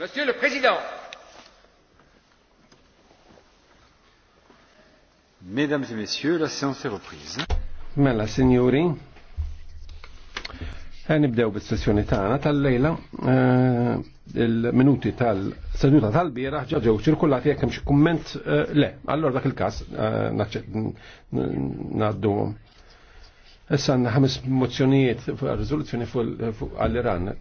Monsieur le Président. Mesdames et Messieurs, la séance est reprise. Mela, signori, eh, nibdew bis-sessjoni tagħna tal-lejla eh, il-minuti tal-seduta tal-bieraħ ġew ġew ċirkulati jekk hemm xi kumment eh, le. Allora dak il-każ ngħaddu. Issa ħames mozzjonijiet riżoluzzjoni għall-Iran.